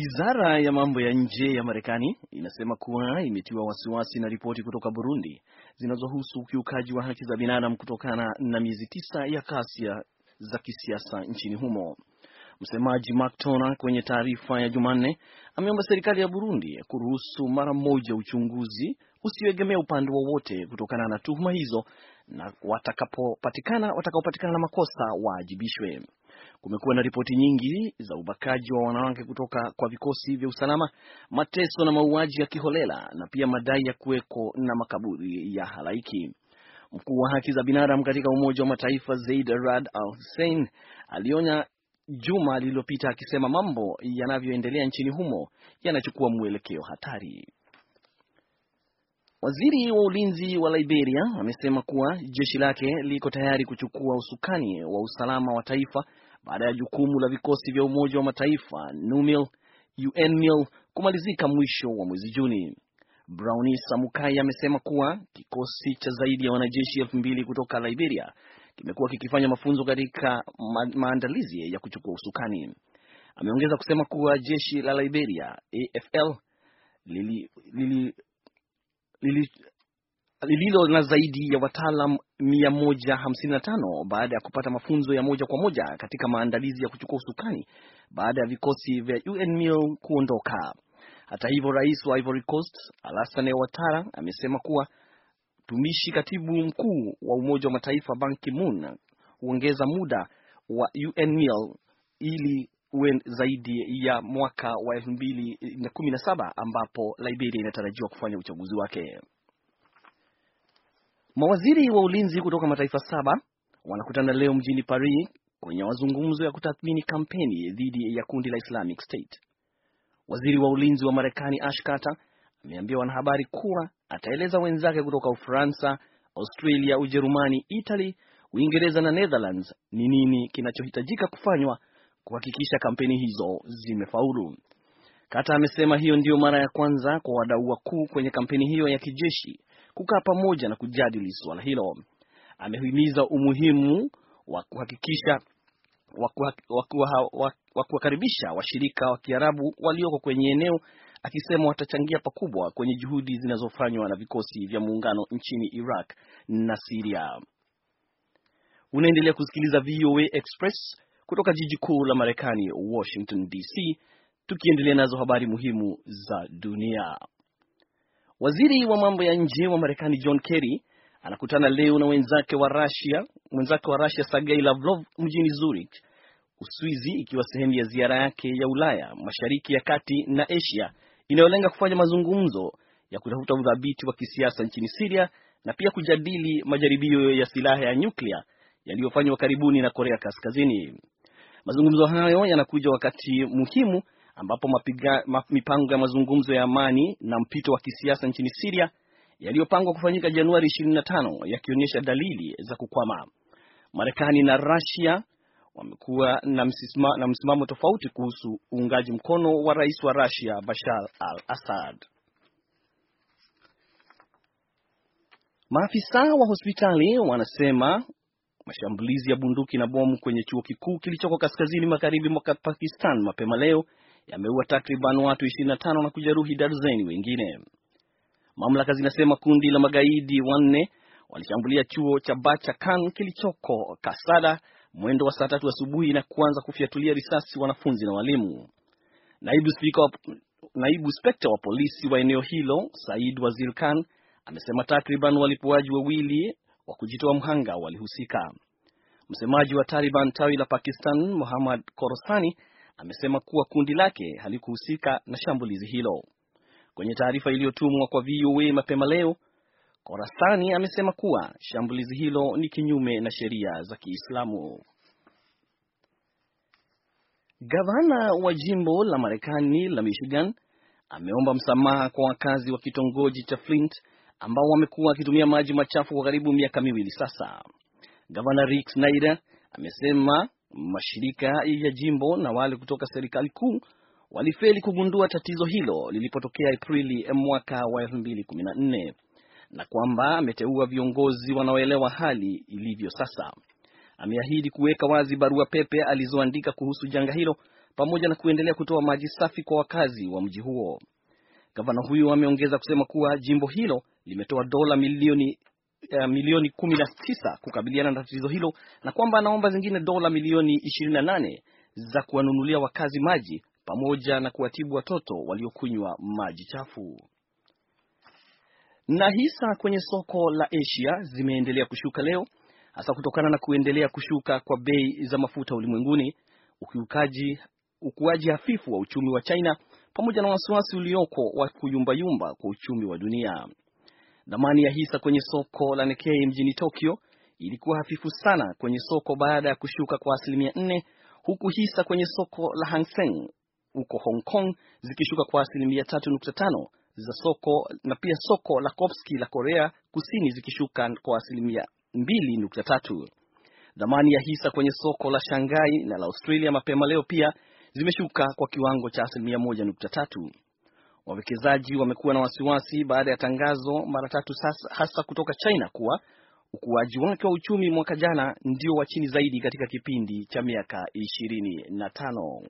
Wizara ya mambo ya nje ya Marekani inasema kuwa imetiwa wasiwasi na ripoti kutoka Burundi zinazohusu ukiukaji wa haki za binadamu kutokana na miezi tisa ya kasia za kisiasa nchini humo. Msemaji Mark Tona kwenye taarifa ya Jumanne ameomba serikali ya Burundi kuruhusu mara moja uchunguzi usioegemea upande wowote kutokana na tuhuma hizo, na watakapopatikana watakaopatikana na makosa waajibishwe. Kumekuwa na ripoti nyingi za ubakaji wa wanawake kutoka kwa vikosi vya usalama, mateso na mauaji ya kiholela na pia madai ya kuweko na makaburi ya halaiki. Mkuu wa haki za binadamu katika Umoja wa Mataifa Zaid Rad Al Hussein alionya juma lililopita akisema mambo yanavyoendelea nchini humo yanachukua mwelekeo hatari. Waziri wa ulinzi wa Liberia amesema kuwa jeshi lake liko tayari kuchukua usukani wa usalama wa taifa baada ya jukumu la vikosi vya Umoja wa Mataifa NUMIL, UNMIL kumalizika mwisho wa mwezi Juni. Browni Samukai amesema kuwa kikosi cha zaidi ya wanajeshi elfu mbili kutoka Liberia kimekuwa kikifanya mafunzo katika ma maandalizi ya kuchukua usukani. Ameongeza kusema kuwa jeshi la Liberia AFL lili, lili, lili, lililo na zaidi ya wataalam 155 baada ya kupata mafunzo ya moja kwa moja katika maandalizi ya kuchukua usukani baada ya vikosi vya UNMIL kuondoka. Hata hivyo, rais wa Ivory Coast Alassane Ouattara amesema kuwa mtumishi katibu mkuu wa Umoja wa Mataifa Ban Ki-moon huongeza muda wa UNMIL ili uwe zaidi ya mwaka wa 2017 ambapo Liberia inatarajiwa kufanya uchaguzi wake. Mawaziri wa ulinzi kutoka mataifa saba wanakutana leo mjini Paris kwenye mazungumzo ya kutathmini kampeni dhidi ya kundi la Islamic State. Waziri wa ulinzi wa Marekani Ash Carter ameambia wanahabari kuwa ataeleza wenzake kutoka Ufaransa, Australia, Ujerumani, Italy, Uingereza na Netherlands ni nini kinachohitajika kufanywa kuhakikisha kampeni hizo zimefaulu. Carter amesema hiyo ndiyo mara ya kwanza kwa wadau wakuu kwenye kampeni hiyo ya kijeshi kukaa pamoja na kujadili suala hilo. Amehimiza umuhimu wa kuhakikisha wa kuwakaribisha washirika wa Kiarabu walioko kwenye eneo, akisema watachangia pakubwa kwenye juhudi zinazofanywa na vikosi vya muungano nchini Iraq na Siria. Unaendelea kusikiliza VOA Express kutoka jiji kuu la Marekani, Washington DC, tukiendelea nazo habari muhimu za dunia. Waziri wa mambo ya nje wa Marekani John Kerry anakutana leo na wenzake wa Russia, mwenzake wa Russia Sergei Lavrov mjini Zurich, Uswizi, ikiwa sehemu ya ziara yake ya Ulaya, Mashariki ya Kati na Asia inayolenga kufanya mazungumzo ya kutafuta udhabiti wa kisiasa nchini Siria na pia kujadili majaribio ya silaha ya nyuklia yaliyofanywa karibuni na Korea Kaskazini. Mazungumzo hayo yanakuja wakati muhimu ambapo mapiga, ma, mipango ya mazungumzo ya amani na mpito wa kisiasa nchini Siria yaliyopangwa kufanyika Januari 25 yakionyesha dalili za kukwama. Marekani na Russia wamekuwa na, msisma, na msimamo tofauti kuhusu uungaji mkono wa rais wa Russia Bashar al-Assad. Maafisa wa hospitali wanasema mashambulizi ya bunduki na bomu kwenye chuo kikuu kilichoko kaskazini magharibi mwa Pakistan mapema leo yameua takriban watu 25 na kujeruhi darzeni wengine. Mamlaka zinasema kundi la magaidi wanne walishambulia chuo cha Bacha Khan kilichoko Kasada mwendo wa saa tatu asubuhi na kuanza kufyatulia risasi wanafunzi na walimu. Naibu spika wa, naibu spekta wa polisi wa eneo hilo Said Wazir Khan amesema takriban walipuaji wawili wa kujitoa mhanga walihusika. Msemaji wa Taliban tawi la Pakistan Muhammad Korosani amesema kuwa kundi lake halikuhusika na shambulizi hilo. Kwenye taarifa iliyotumwa kwa VOA mapema leo, Korasani amesema kuwa shambulizi hilo ni kinyume na sheria za Kiislamu. Gavana wa jimbo la Marekani la Michigan ameomba msamaha kwa wakazi wa kitongoji cha Flint ambao wamekuwa wakitumia maji machafu kwa karibu miaka miwili sasa. Gavana Rick Snyder amesema Mashirika ya jimbo na wale kutoka serikali kuu walifeli kugundua tatizo hilo lilipotokea Aprili mwaka wa 2014 na kwamba ameteua viongozi wanaoelewa hali ilivyo sasa. Ameahidi kuweka wazi barua pepe alizoandika kuhusu janga hilo pamoja na kuendelea kutoa maji safi kwa wakazi wa mji huo. Gavana huyo ameongeza kusema kuwa jimbo hilo limetoa dola milioni ya eh, milioni kumi na tisa kukabiliana na tatizo hilo na kwamba anaomba zingine dola milioni ishirini na nane za kuwanunulia wakazi maji pamoja na kuwatibu watoto waliokunywa maji chafu. Na hisa kwenye soko la Asia zimeendelea kushuka leo hasa kutokana na kuendelea kushuka kwa bei za mafuta ulimwenguni, ukiukaji ukuaji hafifu wa uchumi wa China pamoja na wasiwasi ulioko wa kuyumbayumba kwa uchumi wa dunia. Thamani ya hisa kwenye soko la Nikkei mjini Tokyo ilikuwa hafifu sana kwenye soko baada ya kushuka kwa asilimia nne huku hisa kwenye soko la Hang Seng huko Hong Kong zikishuka kwa asilimia tatu nukta tano za soko na pia soko la Kopski la Korea Kusini zikishuka kwa asilimia mbili nukta tatu. Thamani ya hisa kwenye soko la Shanghai na la Australia mapema leo pia zimeshuka kwa kiwango cha asilimia moja nukta tatu. Wawekezaji wamekuwa na wasiwasi baada ya tangazo mara tatu sasa, hasa kutoka China kuwa ukuaji wake wa uchumi mwaka jana ndio wa chini zaidi katika kipindi cha miaka ishirini na tano.